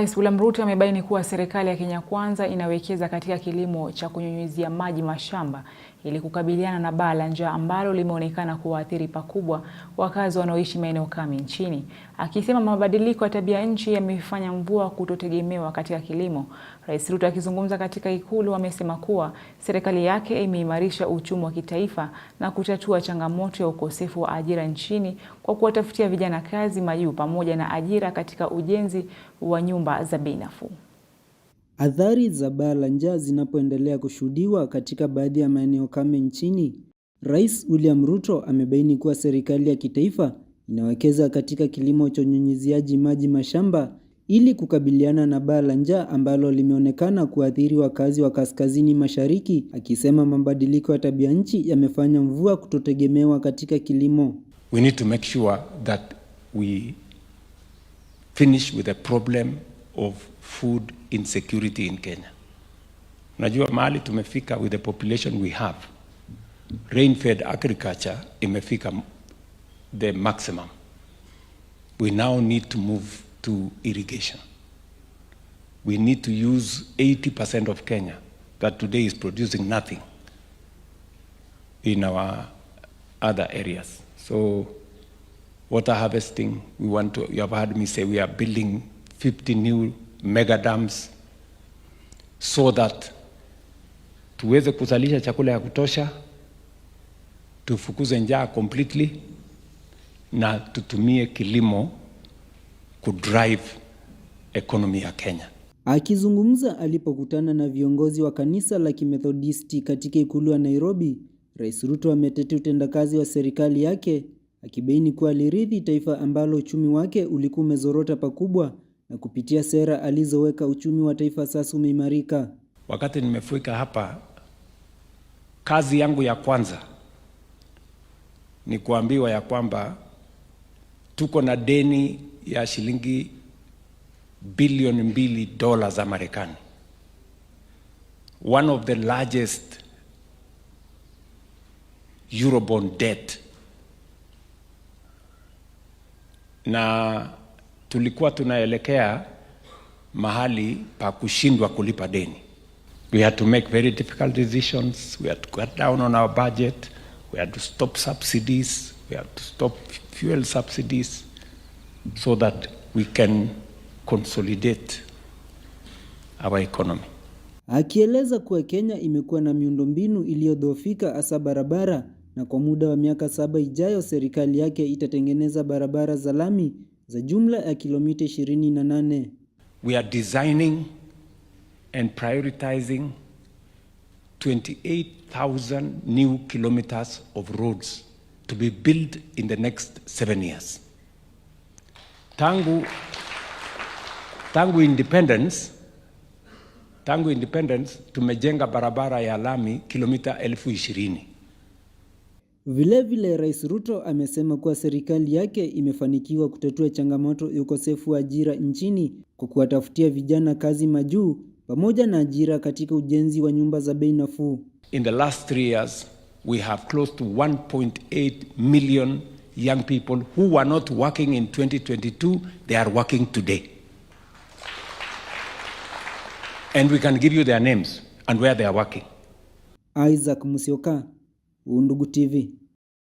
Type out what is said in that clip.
Rais William Ruto amebaini kuwa serikali ya Kenya Kwanza inawekeza katika kilimo cha kunyunyizia maji mashamba ili kukabiliana na baa la njaa ambalo limeonekana kuwaathiri pakubwa wakazi wanaoishi maeneo kame nchini, akisema mabadiliko ya tabia nchi yamefanya mvua kutotegemewa katika kilimo. Rais Ruto akizungumza katika Ikulu amesema kuwa serikali yake imeimarisha uchumi wa kitaifa na kutatua changamoto ya ukosefu wa ajira nchini kwa kuwatafutia vijana kazi, majuu pamoja na ajira katika ujenzi wa nyumba za bei nafuu. Athari za baa la njaa zinapoendelea kushuhudiwa katika baadhi ya maeneo kame nchini, Rais William Ruto amebaini kuwa serikali ya kitaifa inawekeza katika kilimo cha unyunyiziaji maji mashamba ili kukabiliana na baa la njaa ambalo limeonekana kuathiri wakazi wa kaskazini mashariki, akisema mabadiliko ya tabia nchi yamefanya mvua kutotegemewa katika kilimo. We need to make sure that we finish with the problem of food insecurity in Kenya. Najua mahali tumefika with the population we have. Rain-fed agriculture imefika the maximum. We now need to move to irrigation. We need to use 80% of Kenya that today is producing nothing in our other areas. So water harvesting, we want to, you have heard me say we are building 50 new mega dams so that tuweze kuzalisha chakula ya kutosha, tufukuze njaa completely na tutumie kilimo kudrive economy ya Kenya. Akizungumza alipokutana na viongozi wa kanisa la Kimethodisti katika ikulu ya Nairobi, Rais Ruto ametetea utendakazi wa serikali yake akibaini kuwa alirithi taifa ambalo uchumi wake ulikuwa umezorota pakubwa na kupitia sera alizoweka uchumi wa taifa sasa umeimarika. Wakati nimefika hapa, kazi yangu ya kwanza ni kuambiwa ya kwamba tuko na deni ya shilingi bilioni mbili dola za Marekani, one of the largest eurobond debt na tulikuwa tunaelekea mahali pa kushindwa kulipa deni. We had to make very difficult decisions. We had to cut down on our budget. We had to stop subsidies. We had to stop fuel subsidies so that we can consolidate our economy. Akieleza kuwa Kenya imekuwa na miundombinu iliyodhoofika hasa barabara na kwa muda wa miaka saba ijayo serikali yake itatengeneza barabara za lami za jumla ya kilomita 28. We are designing and prioritizing 28,000 new kilometers of roads to be built in the next seven years. Tangu, tangu independence tangu independence tumejenga barabara ya lami kilomita elfu ishirini. Vilevile, Rais Ruto amesema kuwa serikali yake imefanikiwa kutatua changamoto ya ukosefu wa ajira nchini kwa kuwatafutia vijana kazi majuu pamoja na ajira katika ujenzi wa nyumba za bei nafuu. In the last three years we have close to 1.8 million young people who were not working in 2022 they are working today. And we can give you their names and where they are working. Isaac Musioka Undugu TV.